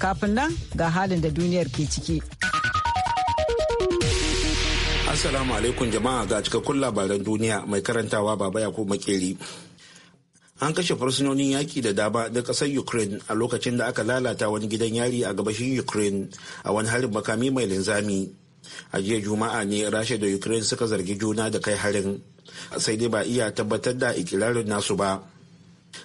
Kafin nan ga halin da duniyar ke ciki. Assalamu alaikum jama'a ga cikakkun labaran duniya mai karantawa baba ya ko makeri. An kashe fursunonin yaƙi da dama na ƙasar Ukraine a lokacin da aka lalata wani gidan yari a gabashin Ukraine a wani harin makami mai linzami. a jiya juma'a ne rasha da ukraine suka zargi juna da kai harin sai dai ba iya tabbatar da ikirarin nasu ba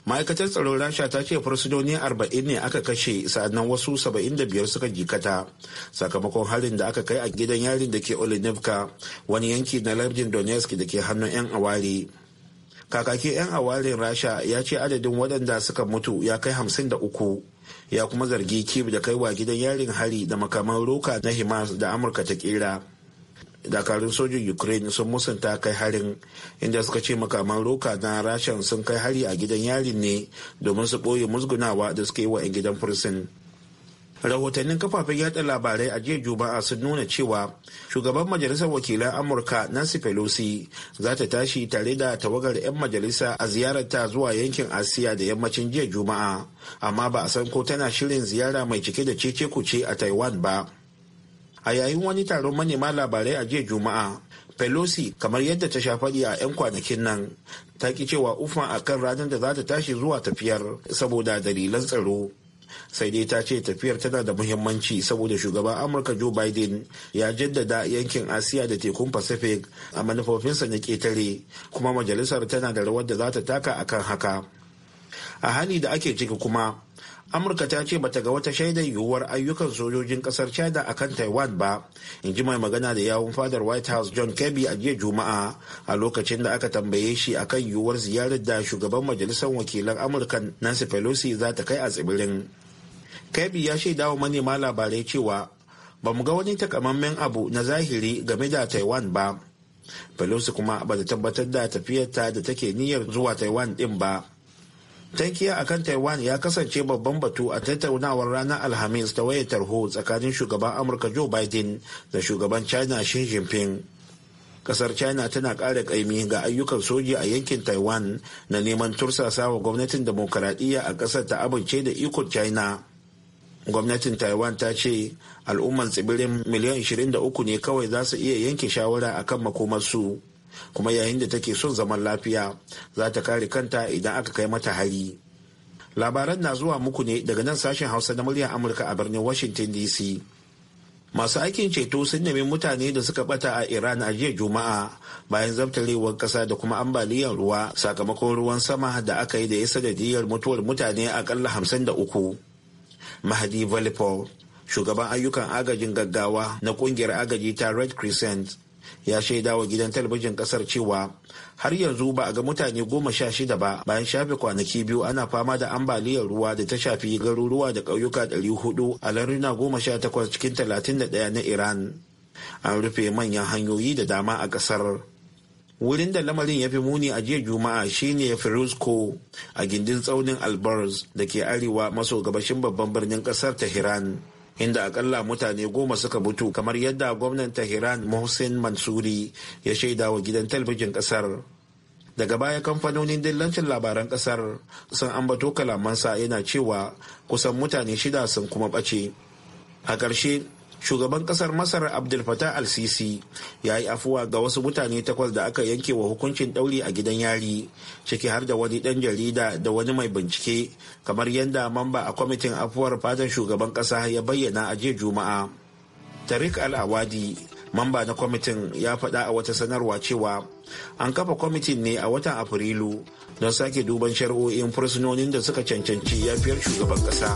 ma'aikatar tsaron rasha ta ce fursunoni 40 ne aka kashe sa'annan wasu 75 suka jikata sakamakon harin da aka kai a gidan yarin da ke olenevka wani yanki na lardin donetsk da ke hannun 'yan awari. kakaki 'yan awarin rasha ya ce adadin waɗanda suka mutu ya kai 53 ya kuma zargi kib da kaiwa gidan yarin hari da makaman roka na himas da amurka ta kera dakarun sojin ukraine sun musanta kai harin inda suka ce makaman roka na rashan sun kai hari a gidan yarin ne domin su ɓoye musgunawa da suka yi wa 'yan gidan fursin rahotannin kafafen yada labarai a jiya juma'a sun nuna cewa shugaban majalisar wakilan amurka nancy pelosi za ta tashi tare da tawagar 'yan majalisa a ziyararta zuwa yankin asiya da yammacin jiya juma'a amma ba a san ko tana shirin ziyara mai cike da cece kuce a taiwan ba a yayin wani taron manema labarai a jiya juma'a pelosi kamar yadda ta sha faɗi a 'yan kwanakin nan ta ki cewa ufa a kan ranar da za ta tashi zuwa tafiyar saboda dalilan tsaro sai dai ta ce tafiyar tana da muhimmanci saboda shugaban amurka joe biden ya jaddada yankin asiya da tekun pacific a manufofinsa na ketare kuma majalisar tana da rawar da za ta taka akan haka a hali da ake ciki kuma amurka ta ce bata ga wata shaidar yiwuwar ayyukan sojojin kasar china a kan taiwan ba in ji mai magana da yawun fadar white house john kirby a jiya juma'a a lokacin da aka tambaye shi a kan yiwuwar ziyarar da shugaban majalisar wakilan amurka nancy pelosi za ta kai a tsibirin kirby ya shaida wa manema labarai cewa ba mu ga wani takamammen abu na zahiri game da taiwan ba pelosi kuma ba ta tabbatar da tafiyarta da take niyyar zuwa taiwan din ba tankiya kan taiwan ya kasance babban batu a tattaunawar ranar alhamis ta wayar tarho tsakanin shugaban amurka joe biden da shugaban china xi jinping kasar china tana ƙara kaimi ga ayyukan soji a yankin taiwan na neman tursasa wa gwamnatin demokaradiyya a ƙasar ta amince da ikon china gwamnatin taiwan ta ce al'umman tsibirin miliyan 23 ne kawai za su iya yanke shawara akan makomarsu kuma yayin da take son zaman lafiya za ta kare kanta idan aka kai mata hari labaran na zuwa muku ne daga nan sashen hausa na muryar amurka a birnin washington dc masu aikin ceto sun nemi mutane da suka bata a iran a jiya juma'a bayan zabtarewar kasa da kuma ambaliyar ruwa sakamakon ruwan sama da aka yi da ya sanadiyar mutuwar mutane akalla hamsin da uku mahadi valipo shugaban ayyukan agajin gaggawa na kungiyar agaji ta red crescent ya shaida wa gidan talabijin kasar cewa har yanzu ba a ga mutane goma sha shida ba bayan shafe kwanaki biyu ana fama da ambaliyar ruwa da ta shafi garuruwa da ƙauyuka ɗari hudu a larina goma sha takwas cikin talatin da ɗaya na iran an rufe manyan hanyoyi da dama a ƙasar wurin da lamarin ya fi muni a jiya juma'a shine Firusko, a gindin tsaunin albars da ke arewa maso gabashin babban birnin ƙasar tehran inda akalla mutane goma suka mutu kamar yadda gwamnan tehran mohsen mansuri ya shaida wa gidan talabijin kasar daga baya kamfanonin dillancin labaran kasar sun ambato kalamansa yana cewa kusan mutane shida sun kuma ɓace a ƙarshe shugaban kasar masar abdul fatah al-sisi ya yi afuwa ga wasu mutane takwas da aka yanke wa hukuncin ɗauri a gidan yari ciki har da wani ɗan jarida da wani mai bincike kamar yadda mamba a kwamitin afuwar fatan shugaban kasa ya bayyana a jiya juma'a tarik al-awadi mamba na kwamitin ya faɗa a wata sanarwa cewa an kafa kwamitin ne a watan afrilu don sake duban shari'o'in fursunonin da suka cancanci yafiyar shugaban kasa.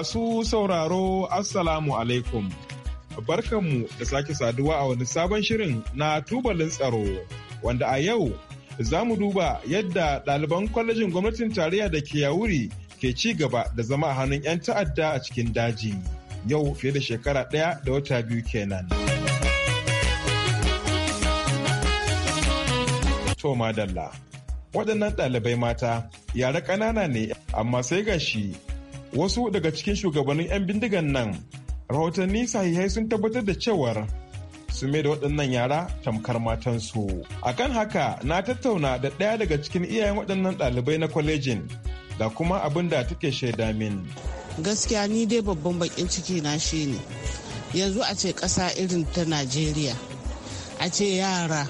Masu sauraro Assalamu alaikum. Barkanmu da sake saduwa a wani sabon shirin na tubalin tsaro wanda a yau za mu duba yadda ɗaliban kwalejin gwamnatin tarayya da ke yawuri ke ci gaba da zama a hannun 'yan ta'adda a cikin daji yau fiye da shekara ɗaya da wata biyu kenan. Toma Dalla. Waɗannan ɗalibai mata yara ƙanana ne amma sai gashi wasu daga cikin shugabannin 'yan bindigan nan rahotanni sahihai sun tabbatar da cewar su mai da waɗannan yara tamkar matansu A kan haka na tattauna da ɗaya daga cikin iyayen waɗannan ɗalibai na kwalejin da kuma abin da take shaida min gaskiya ni dai babban bakin ciki na shi ne, yanzu a ce ƙasa irin ta najeriya a ce yara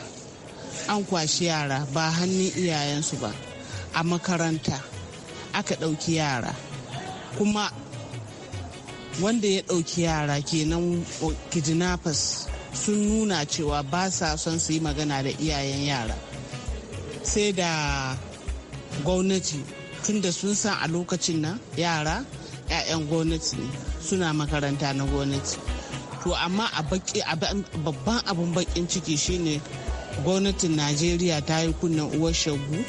an kwashi yara ba hannun iyayensu ba a makaranta aka ɗauki yara kuma wanda ya ɗauki yara kenan kidnappers sun nuna cewa ba sa son su yi magana da iyayen yara sai da gwamnati tunda sun san a lokacin nan yara 'ya'yan gwamnati suna makaranta na gwamnati to amma a babban abin bakin ciki shine gwamnatin najeriya ta yi kunnen uwar shagu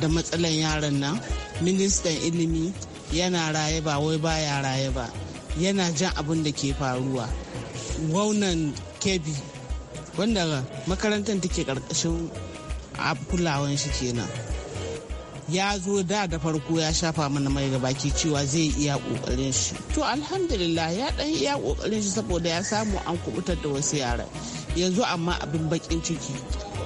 da matsalan yaran nan ministan ilimi yana raye ba wai baya raye ba yana jan abin da ke faruwa wannan kebi wanda makarantar take karkashin kulawan shi kenan ya zo da da farko ya shafa mana mai baki cewa zai iya kokarin shi to alhamdulillah ya dan iya kokarin shi saboda ya samu an kubutar da wasu yaran yanzu amma abin bakin ciki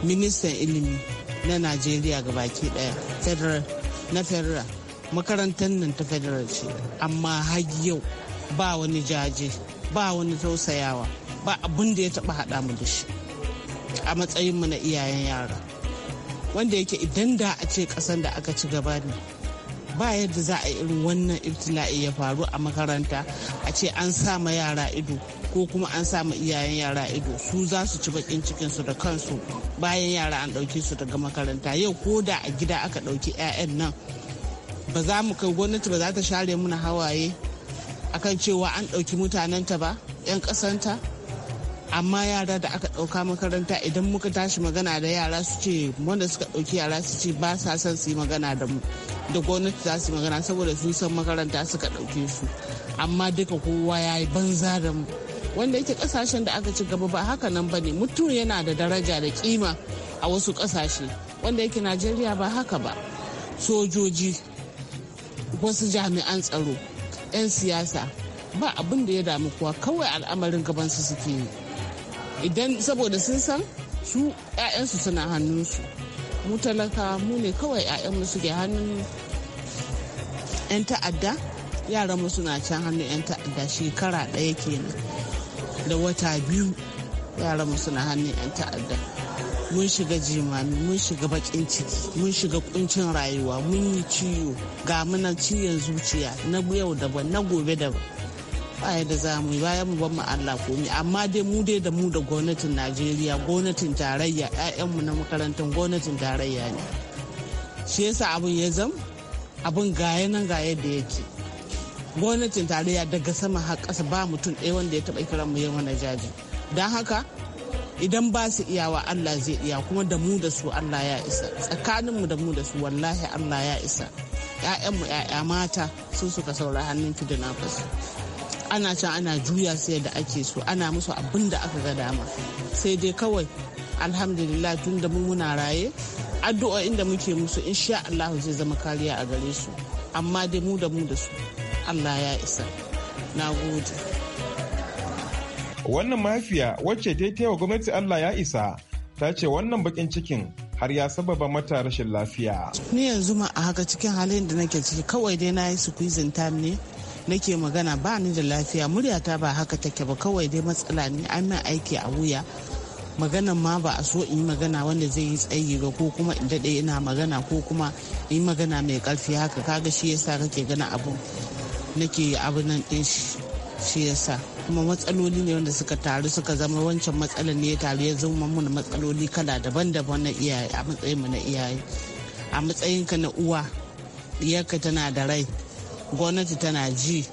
ministan ilimi na najeriya ga baki daya na federal makarantar nan ta federal ce amma har yau ba wani jaje ba wani tausayawa ba abin da ya taba haɗa mu da shi a matsayin mu na iyayen yara wanda yake idan da a ce kasan da aka ci gaba ne ba yadda za a irin wannan ibtila'i ya faru a makaranta a ce an sa ma yara ido ko kuma an sa ma iyayen yara ido su za su ci bakin cikin su da kansu bayan yara an ɗauke su daga makaranta yau ko da a gida aka ɗauki 'ya'yan nan ba za mu kai gwamnati ba za ta share muna hawaye akan cewa an ɗauki ta ba 'yan ƙasanta amma yara da aka ɗauka makaranta idan muka tashi magana da yara su ce wanda suka ɗauki yara su ce ba sa son su yi magana da mu da gwamnati za su magana saboda sun san makaranta suka ɗauke su amma duka kowa ya yi banza da mu wanda yake kasashen da aka ci gaba ba haka nan ba ne mutum yana da daraja da kima a wasu kasashe wanda yake najeriya ba haka ba sojoji wasu jami'an tsaro 'yan siyasa ba abin da ya damu kuwa kawai al'amarin gaban su suke yi idan saboda sun san su 'ya'yansu suna hannun su mu talaka mu ne kawai 'ya'yanmu suke hannun 'yan ta'adda mu suna can hannun 'yan ta'adda shekara ɗaya kenan da wata biyu mu suna hannun 'yan ta'adda mun shiga jimami mun shiga bakin ciki mun shiga kuncin rayuwa mun yi ciwo ga muna ciwon zuciya na yau daban na gobe daban baya da za mu bayan mu ban mu Allah komi amma dai mu dai da mu da gwamnatin Najeriya gwamnatin tarayya mu na makarantar gwamnatin tarayya ne shi yasa abun ya zam abun gaya nan ga yadda yake gwamnatin tarayya daga sama har ƙasa ba mutum ɗaya wanda ya taɓa kiran mu yin wani jaji don haka idan ba su iyawa Allah zai iya kuma da mu da su Allah ya isa tsakaninmu da mu da su wallahi Allah ya isa ‘ya'yanmu ‘ya'ya mata sun suka saura hannun na fasu ana can ana juya su yadda ake so ana musu abin da aka ga dama sai dai kawai alhamdulillah tun da mu muna raye addu'o'in inda muke musu sha Allah zai zama kariya a gare su amma dai mu da mu da su Allah ya isa na gode wannan mafiya wacce ta yi wa gwamnati allah ya isa ta ce wannan bakin cikin har ya sababa mata rashin lafiya ni yanzu ma a haka cikin halin da nake ciki kawai dai na yi su ne nake magana ba ni da lafiya muryata ba haka take ba kawai dai matsala ne an min aiki a wuya maganan ma ba a so in yi magana wanda zai yi tsayi ba ko kuma in daɗe ina magana ko kuma in yi magana mai ƙarfi haka kaga shi yasa kake gana abun nake abin nan ɗin shi shi yasa kuma matsaloli ne wanda suka taru suka zama wancan matsalar ne ya taru ya zama mana matsaloli kala daban-daban na iyaye a matsayin mu na iyaye a matsayin ka na uwa diyarka tana da rai gwamnati tana ji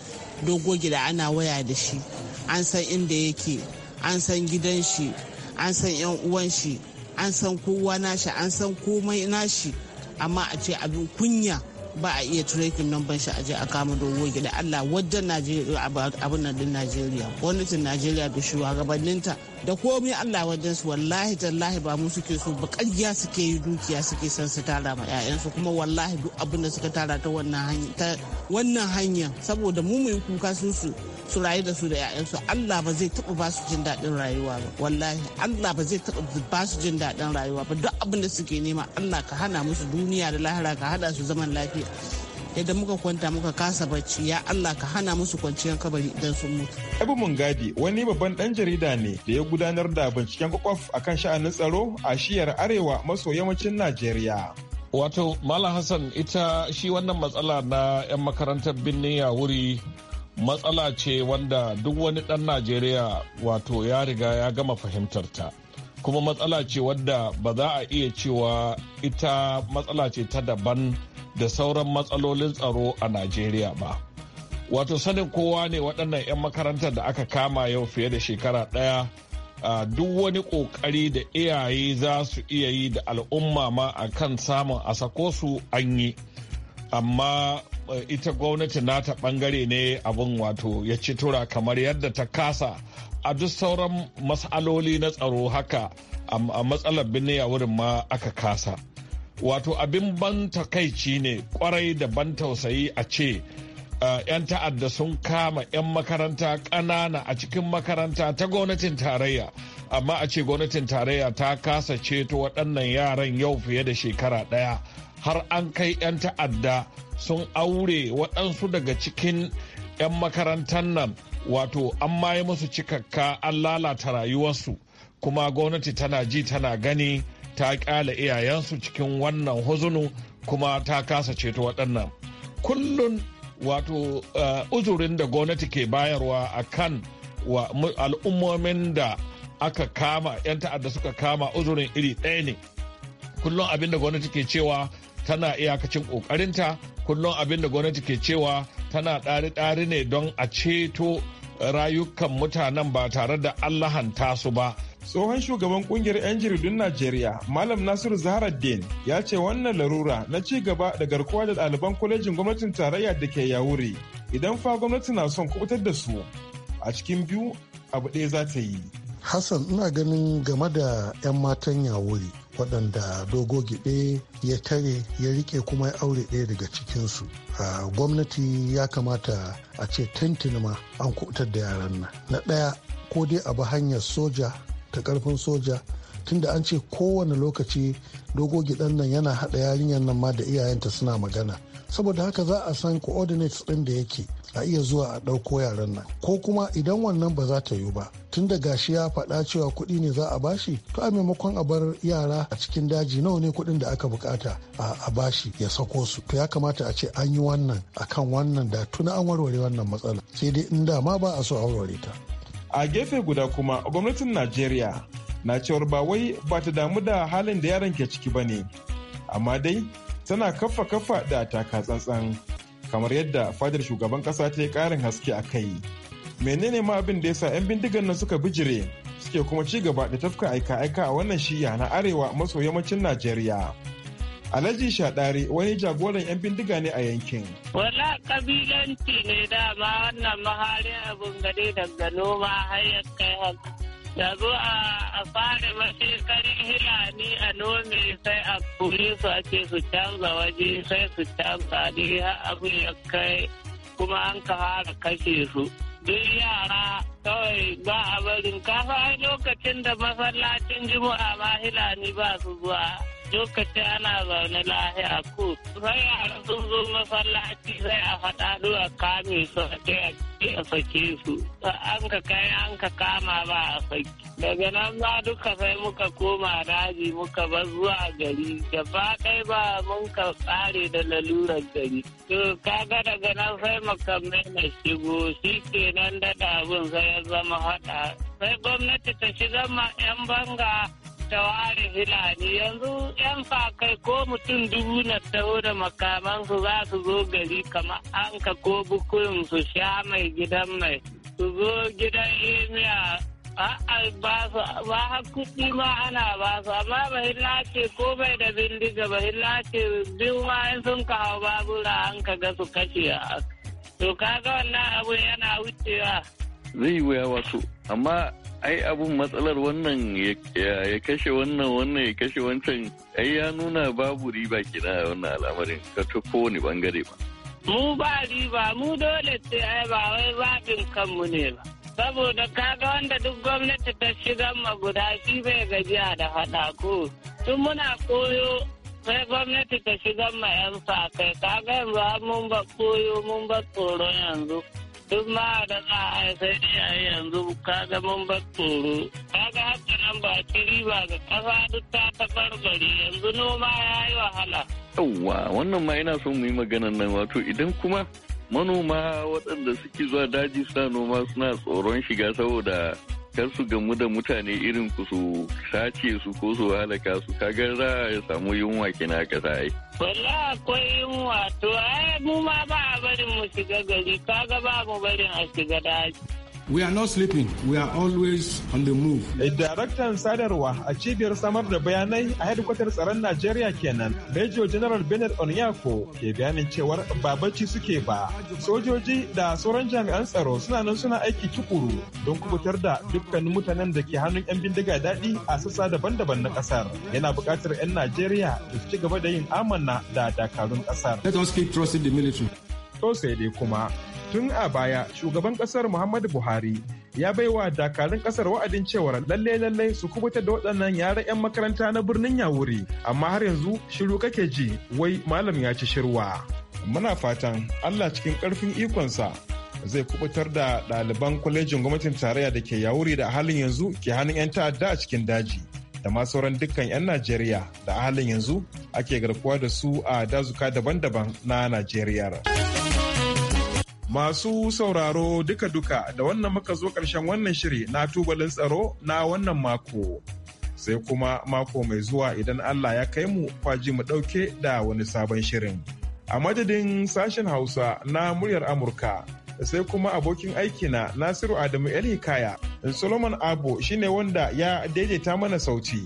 dogo gida ana waya da shi an san inda yake an san gidan shi an san yan uwan shi an san kowa nashi an san komai nashi amma a ce abin kunya ba a iya turekin numban shi aje a kama dogo gida Allah wajen Najeriya abin nan din Najeriya gwamnatin Najeriya da shugabanninta da komai Allah wajen su wallahi tallahi ba mu suke so ba ƙarya suke yi dukiya suke son su tara ma 'ya'yansu kuma wallahi duk abin da suka tara ta wannan hanya saboda mu mai kuka su su su rayu da su da 'ya'yansu Allah ba zai taɓa ba su jin daɗin rayuwa ba wallahi Allah ba zai taɓa ba su jin daɗin rayuwa ba duk abin da suke nema Allah ka hana musu duniya da lahira ka hada su zaman lafiya idan muka kwanta muka kasa bacci ya Allah ka hana musu kwanciyar kabari idan sun mutu. Abu Mungadi wani babban dan jarida ne da ya gudanar da binciken kwakwaf akan sha'anin tsaro a shiyar arewa maso yammacin Najeriya. Wato Malam Hassan ita shi wannan matsala na 'yan makarantar birni ya wuri matsala ce wanda duk wani ɗan Najeriya wato ya riga ya gama fahimtarta. Kuma matsala ce wadda ba za a iya cewa ita matsala ce ta daban da sauran matsalolin tsaro a Najeriya ba. Wato sanin kowa ne waɗannan 'yan makarantar da aka kama yau fiye da shekara ɗaya duk wani ƙoƙari da iyaye za su iya yi da al'umma ma a kan samun a sako su an yi. Amma e, ita gwamnati nata ɓangare ne abin wato ya ci tura kamar yadda ta kasa a duk sauran matsaloli na tsaro haka a matsalar birni a wurin ma aka kasa. wato abin ban takaici ne kwarai da ban tausayi a ce eh, yan ta'adda sun kama 'yan makaranta ƙanana a cikin makaranta ta gwamnatin tarayya amma a ce gwamnatin tarayya ta kasa ceto waɗannan yaran yau fiye da shekara ɗaya har an kai 'yan ta'adda sun aure waɗansu daga cikin 'yan makarantar nan wato an maye musu cikakka an lalata rayuwarsu kuma gwamnati tana ji tana gani ta ƙyale iyayensu cikin wannan huzunu kuma ta kasa ceto waɗannan kullum wato eh, uzurin da gwamnati ke bayarwa a kan al'ummomin da aka kama 'yan ta'adda suka kama uzurin iri ɗaya ne kullum abin da gwamnati ke cewa tana iyakacin ƙoƙarinta kullum abin da gwamnati ke cewa tana ɗari-ɗari ne don a ceto rayukan mutanen ba tare da allahanta su ba Tsohon shugaban kungiyar 'yan jaridun Najeriya, Malam Nasiru din ya ce wannan larura na ci gaba da garkuwa da ɗaliban kwalejin gwamnatin tarayya da ke yawuri idan fa gwamnati na son kubutar da su a cikin biyu abu ɗaya za ta yi. Hassan ina ganin game da 'yan matan yawuri waɗanda dogo gibe ya tare ya rike kuma ya aure ɗaya daga cikinsu a gwamnati ya kamata a ce tantinima an kubutar da yaran nan na ɗaya ko dai a bi hanyar soja ta karfin soja tunda an ce kowane lokaci dogo gidan nan yana haɗa yarinyar nan ma da iyayenta suna magana saboda haka za a san coordinates din da yake a iya zuwa a ɗauko yaran nan ko kuma idan wannan ba za ta yiwu ba tun da gashi ya faɗa cewa kuɗi ne za a bashi to a maimakon a bar yara a cikin daji nawa ne kuɗin da aka bukata a bashi ya sako su to ya kamata a ce an yi wannan akan wannan da tuna an warware wannan matsala sai dai in da ma ba a so a warware ta. a gefe guda kuma gwamnatin najeriya na cewar ba wai ba ta damu da halin da yaron ke ciki ba ne amma dai tana kafa kafa da taka tsantsan kamar yadda fadar shugaban kasa ta yi karin haske a kai menene ma abin da yasa 'yan bindigan nan suka bijire suke kuma ci gaba da tafka aika-aika a wannan shiya na arewa maso yammacin najeriya Alhaji Shadari wani jagoran 'yan bindiga ne a yankin. Wala kabilanci ne dama wannan mahali abin gare daga noma har ya kai da zo a fara mashekarin hilani a nome sai a kuri su ake su canza waje sai su canza ne har abu ya kai kuma an ka fara kashe su duk yara kawai ba a barin kafa lokacin da masallacin juma'a ma hilani ba su zuwa lokaci ana zaune lahiya ko. sai a sun masallaci sai a faɗa zuwa kame su a sake su an ka kai an ka kama ba a saki daga nan ma duka sai muka koma daji muka bar zuwa gari gaba kai ba mun ka tsare da lalurar gari to kaga daga nan sai makamai na shigo shi kenan da abin sai ya zama haɗa sai gwamnati ta shiga ma 'yan banga da wari yanzu yan fakai ko mutum dubu na taho da makamansu za su zo gari kama an ka ko bukuyin su sha mai gidan mai su zo gidan imiya ba su ba kuɗi ma ana ba su amma bai ce ko bai da bindiga bai ce biyu ma in sun kawo babura an ka ga su kashe to kaga wannan abun yana wucewa. Zai wuya wasu amma ai abun matsalar wannan ya kashe wannan wannan ya kashe wancan ai ya nuna babu riba kenan a wannan al'amarin ka ta kowane bangare ba. Mu ba riba mu dole sai ai ba wai zaɓin kanmu ne ba. Saboda kaga wanda duk gwamnati ta shiga ma guda shi bai gajiya da haɗa ko. Tun muna koyo sai gwamnati ta shiga ma 'yan sa kai kaga yanzu mun ba koyo mun ba tsoro yanzu. duk ma da tsaha sai iyaye yanzu kaga mun bar tsoro ga haka nan ba ci riba ga kasa duk ta tabar gari yanzu noma ya yi wahala. yawwa wannan ma ina son mu yi maganan nan wato idan kuma manoma waɗanda suke zuwa daji suna noma suna tsoron shiga saboda kar su gamu da mutane irin ku su sace su ko su halaka su kagar za ya samu yunwa kina ka ai. Walla akwai yunwa to ai mu ma ba a barin mu shiga gari kaga ba mu barin a shiga daji. We are not sleeping, we are always on the move. A Daraktan sadarwa a cibiyar samar da bayanai a hedikwatar tsaron Najeriya kenan, Major General Bennett Onyako ke bayanin cewar ba bacci suke ba. Sojoji da sauran jami'an tsaro suna nan suna aiki tukuru don kubutar da dukkanin mutanen da ke hannun 'yan bindiga daɗi a sassa daban-daban na ƙasar. Yana buƙatar 'yan Najeriya da su ci gaba da yin amana da dakarun ƙasar. Let us keep trusting the military. To sai dai kuma Tun a baya shugaban kasar Muhammadu Buhari ya baiwa dakarun kasar wa'adin cewa lalle lalle su kubuta da waɗannan yara 'yan makaranta na birnin Yawuri amma har yanzu shiru kake ji wai malam ya ci shirwa. Muna fatan Allah cikin ƙarfin ikonsa zai kubutar da ɗaliban kwalejin gwamnatin tarayya da ke yawuri da halin yanzu ke hannun 'yan ta'adda a cikin daji da ma sauran dukkan 'yan najeriya da halin yanzu ake garkuwa da su a dazuka daban-daban na najeriya. Masu sauraro duka-duka da wannan muka zo ƙarshen wannan shiri na tubalin tsaro na wannan mako. Sai kuma mako mai zuwa idan Allah ya kai mu kwaji mu ɗauke da wani sabon shirin. A madadin sashen Hausa na muryar Amurka, sai kuma abokin aikina Nasiru Adamu El Hikaya, Solomon Abo shine wanda ya daidaita mana sauti.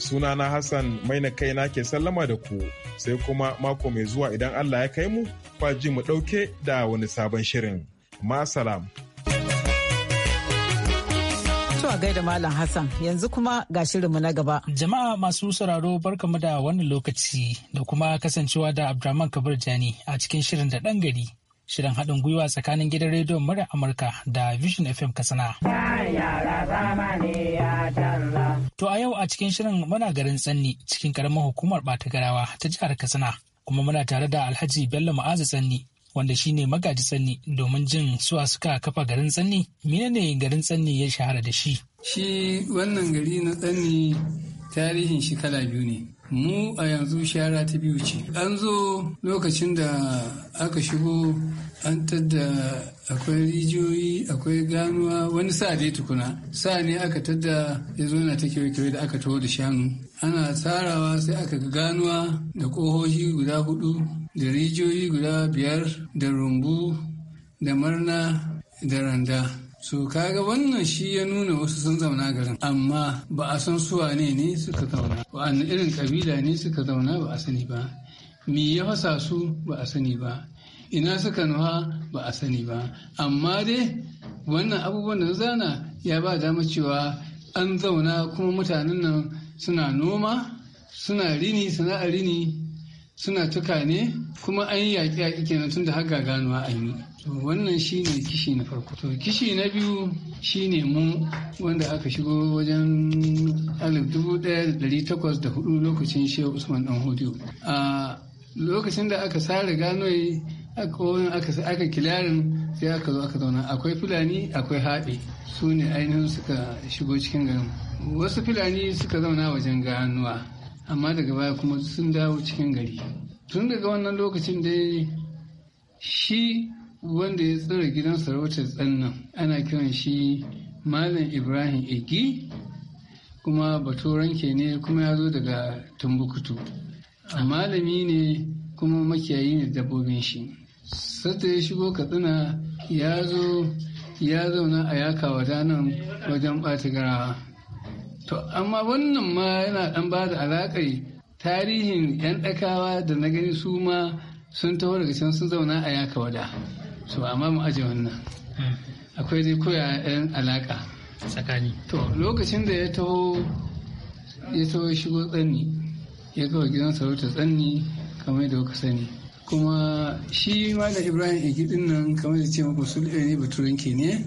Sunana Hassan maina kaina ke sallama da ku sai kuma mako mai zuwa idan Allah ya kai mu kwaji mu ɗauke da wani sabon shirin. Masalam. a gaida Malam Hassan yanzu kuma ga shirinmu na gaba. Jama'a masu sauraro barkamu da wannan lokaci da kuma kasancewa da Abdurrahman Kabir Jani a cikin shirin da ɗan gari. Shirin haɗin gwiwa tsakanin gidan rediyon murar Amurka da Vision FM Katsina. Yara zamani To a yau a cikin shirin muna garin Tsanni cikin karamar hukumar Batagarawa ta jihar Katsina kuma muna tare da Alhaji Bello Ma'azu Tsanni wanda shi ne magaji Tsanni domin jin suwa suka kafa garin Tsanni menene garin Tsanni ya shahara da shi. Shi wannan gari na Tsanni tarihin shi kala biyu ne. mu a yanzu shara ta biyu ce an zo lokacin da aka shigo an tadda akwai rijiyoyi akwai ganuwa wani sa dai tukuna sa ne aka tadda ya zo na ta kewa da aka taho da shanu ana tsarawa sai aka ga ganuwa da ƙohohi guda hudu da rijiyoyi guda biyar da rumbu da marna da randa ka ga wannan shi ya nuna wasu sun zauna garin amma ba a san su ne ne suka zauna wa'annan irin kabila ne suka zauna ba a sani ba me ya fasa su ba a sani ba ina suka nuna ba a sani ba amma dai wannan abubuwan da zana ya ba dama cewa an zauna kuma mutanen nan suna noma suna rini sana'ar rini suna tuka ne kuma an yi yaƙi yaƙi kenan tun da haka ganuwa an yi to wannan shine kishi na farko to kishi na biyu shine mu wanda aka shigo wajen alif dubu ɗaya da da takwas hudu lokacin shehu usman dan hudu a lokacin da aka sare ganoyi aka aka kilarin sai aka zo aka zauna akwai fulani akwai haɓe su ne ainihin suka shigo cikin garin wasu fulani suka zauna wajen ganuwa amma daga baya kuma sun dawo cikin gari tun daga wannan lokacin dai shi wanda ya tsira gidan sarautar tsannan ana kiran shi malam ibrahim igi kuma baturan ke ne kuma ya zo daga tumbuktu malami ne kuma makiyayi ne dabbobin shi sata ya shigo katsina ya zo ya zauna a yakawa danan wajen ɓata garawa To amma wannan ma yana ɗan ba da alaƙai tarihin 'yan ɗakawa da na gani su ma sun taho daga can sun zauna a yaka wada. So amma mu aje wannan. Akwai dai koya 'yan alaƙa. Tsakani. To lokacin da ya taho ya taho shigo tsanni ya kawo gidan sarauta tsanni kamar da kuka sani. Kuma shi ma da Ibrahim Igidin nan kamar da ce muku sulɗe ne baturanke ne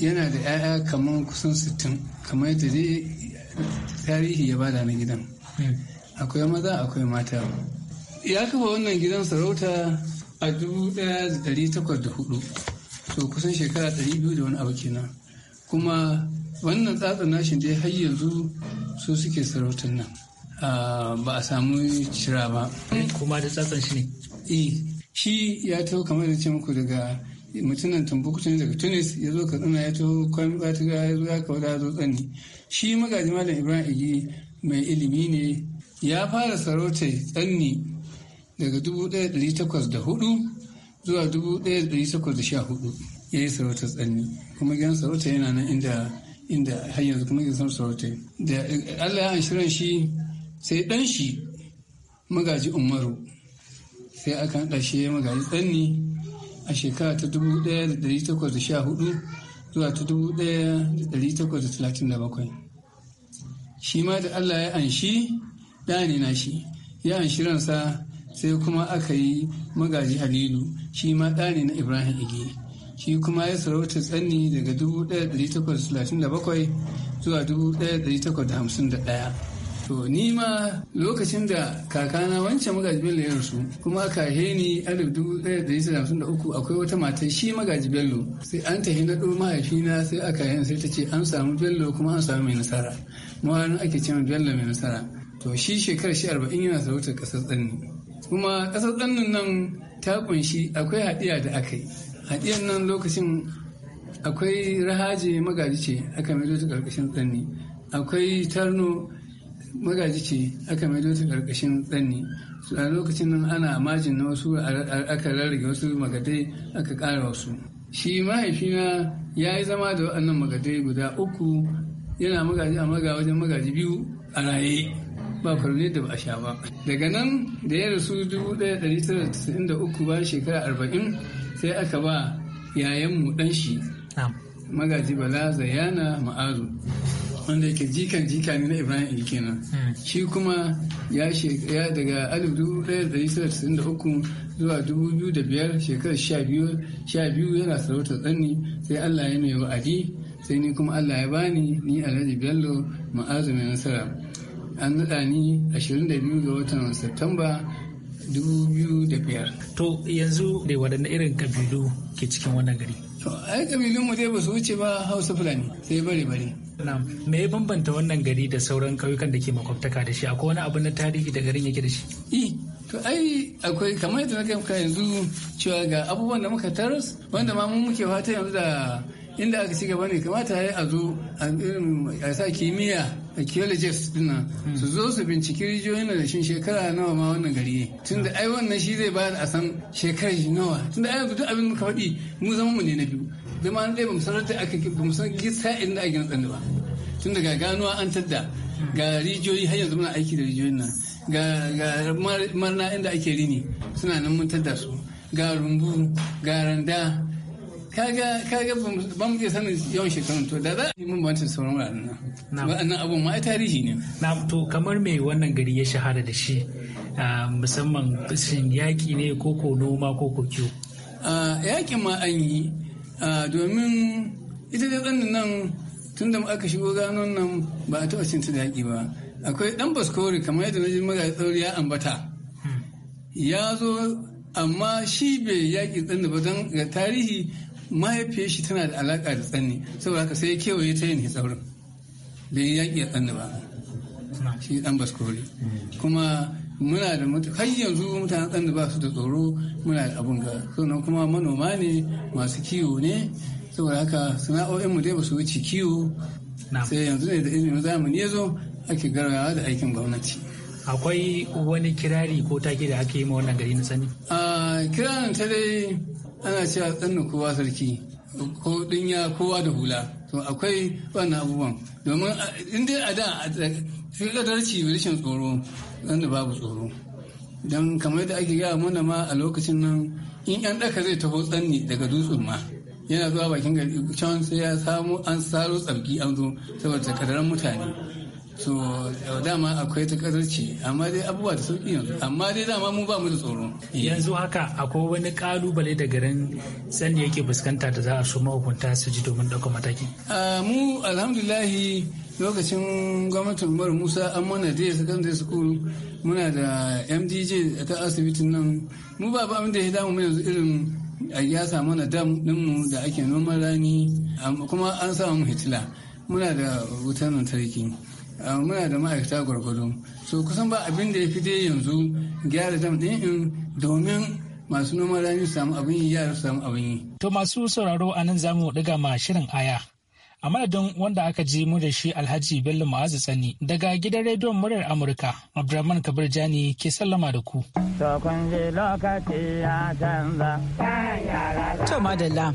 yana da 'ya'ya kamar kusan sittin kamar yadda dai tarihi ya bada na gidan akwai maza akwai mata ya kafa wannan gidan sarauta a 1804 to kusan shekara 200 da wani abu kenan kuma wannan tsatsa nashin dai har yanzu su suke sarautar nan ah, ba a samu cira ba kuma da tsatsan shi ne eh, shi ya taho kamar da ce muku daga mutumin ne daga tunis ya zo ka tsina ya to kwan batiga ya zo ya kaura ya zo tsani shi magaji malam ibrahim igi mai ilimi ne ya fara sarauta tsanni daga 1804 zuwa 1814 ya yi sarauta tsanni kuma gidan sarauta yana nan inda inda har yanzu kuma gidan sarauta da allah ya shirin shi sai dan shi magaji umaru sai aka ɗashe magaji tsanni a shekara ta 1814 zuwa ta 1837 shi ma da Allah ya anshi ɗa na shi ya anshi ransa sai kuma aka yi magaji halilu shi ma ɗa na ibrahim igi shi kuma ya sarauta tsanni daga 1837 zuwa 1851 to ni ma lokacin da kakana wancan magaji bello ya rasu kuma aka heni alif dubu ɗaya da yasa hamsin da uku akwai wata mata shi magaji bello sai an tafi na ɗo mahaifina sai aka heni sai ta ce an samu bello kuma an samu mai nasara mawarin ake cewa bello mai nasara to shi shekarar shi arba'in yana sarautar ƙasar tsanni kuma ƙasar tsannin nan ta kunshi akwai haɗiya da aka yi haɗiyan nan lokacin akwai rahaje magaji ce aka zo ta ƙarƙashin tsanni akwai tarno magaji ce aka maido ta karkashin tsanni su a lokacin nan ana majin na wasu aka rarrage wasu magadai aka kara wasu shi mahaifina ya yi zama da waɗannan magadai guda uku yana magaji a maga wajen magaji biyu a raye ba kwarne da ba a sha ba daga nan da ya rasu 1993 bayan shekara 40 sai aka ba yayanmu ɗan shi magaji bala zayana ma'azu wanda yake jikan jika ne na ibrahim il hmm. shi kuma ya daga alif dubu da ɗari da zuwa dubu biyu da biyar shekarar sha biyu sha biyu yana sarauta tsanni sai allah ya mai wa'adi sai ni kuma allah ya bani ni alhaji bello ma'azu mai nasara an nada ni ashirin da biyu ga watan satamba 2005. To yanzu da waɗanne irin kabilu ke cikin wannan gari? To ai kabilun mu dai ba su wuce ba Hausa Fulani sai bare bare. Me ya bambanta wannan gari da sauran kauyukan da ke makwabtaka da shi akwai wani abu na tarihi da garin yake da shi? i to ai akwai kamar yadda na kai yanzu cewa ga abubuwan da muka taras wanda ma mu muke fata yanzu da inda aka ci gaba ne kamata ya a zo a sa kimiyya archaeologist nan hmm. su zo su binciki rijiyoyin da shin shekara nawa ma wannan gari ne tunda ai wannan shi zai bayar a san shekarar nawa tunda ai yanzu duk abin muka faɗi mu zama mu ne na biyu zama an dai ba mu san da aka ba mu san gisa inda ake na tsanni ba tunda ga ganuwa an tadda ga rijiyoyi har yanzu muna aiki da rijiyoyin nan ga marna inda ake rini suna nan mun tadda su ga rumbu ga randa kaga kaga ba mu iya sanin yawan shekarun to da za a yi mun bantar sauran wuraren nan waɗannan abun ma tarihi ne na to kamar me wannan gari ya shahara da shi ah, musamman shin yaƙi ne ko ko noma ko ko kiwo ah, yaƙin ma an yi ah, domin ita da tsanin nan tun da aka shigo ganon nan ba a taɓa cin ta da yaƙi ba akwai ɗan baskori kamar yadda na ji maga tsauri ya ambata hmm. ya zo amma shi bai yaƙi tsanin ba don ga tarihi mahaifiyar shi tana da alaƙa da tsanni saboda haka sai ya kewaye ta yin hitsaurin ya yaƙi ya tsanni ba shi dan baskori kuma muna da har yanzu mutanen tsanni ba su da tsoro muna da abun ga sannan kuma manoma ne masu kiwo ne saboda haka sana'o'inmu dai ba su wuce kiwo sai yanzu ne da ilimin zamani ya zo ake garawa da aikin gwamnati akwai wani kirari ko take da ake yi ma wannan gari na sani a ah, kiranin ta dai ana cewa tsanna kowa sarki ko dinya kowa da hula to akwai wannan abubuwan domin in dai a da filadarci rashin tsoro da babu tsoro don kamar da ake gaya mana ma a lokacin nan in yan daka zai taho tsanni daga dutsen ma yana zuwa bakin gari can sai ya samu an saro tsarki an zo saboda takardar mutane so eh, dama akwai takarci amma dai abubuwa da sauki yanzu amma dai dama mu ba mu da tsoro eh. yanzu haka akwai wani kalubale da garin sanda yake fuskanta da za a so mahukunta su ji domin ɗaukar mataki mu alhamdulilah lokacin gwamnatin umar musa an mana da ya zai school muna da mdj ta asibitin nan mu ba ba da ya damu yanzu irin ya samu mana dam dinmu da ake noman rani kuma an samu hitila muna da wutar lantarki Eh, muna da ma'aikata gwargwado so kusan ba abin da ya fi dai yanzu gyara dam ɗin in domin masu noma rani samu abin yi yara samu abin yi. to masu sauraro a nan zamu ɗiga ma shirin aya a madadin wanda aka ji mu da shi alhaji bello ma'azu tsani daga gidan rediyon muryar amurka abdulrahman kabir jani ke sallama da ku to madalla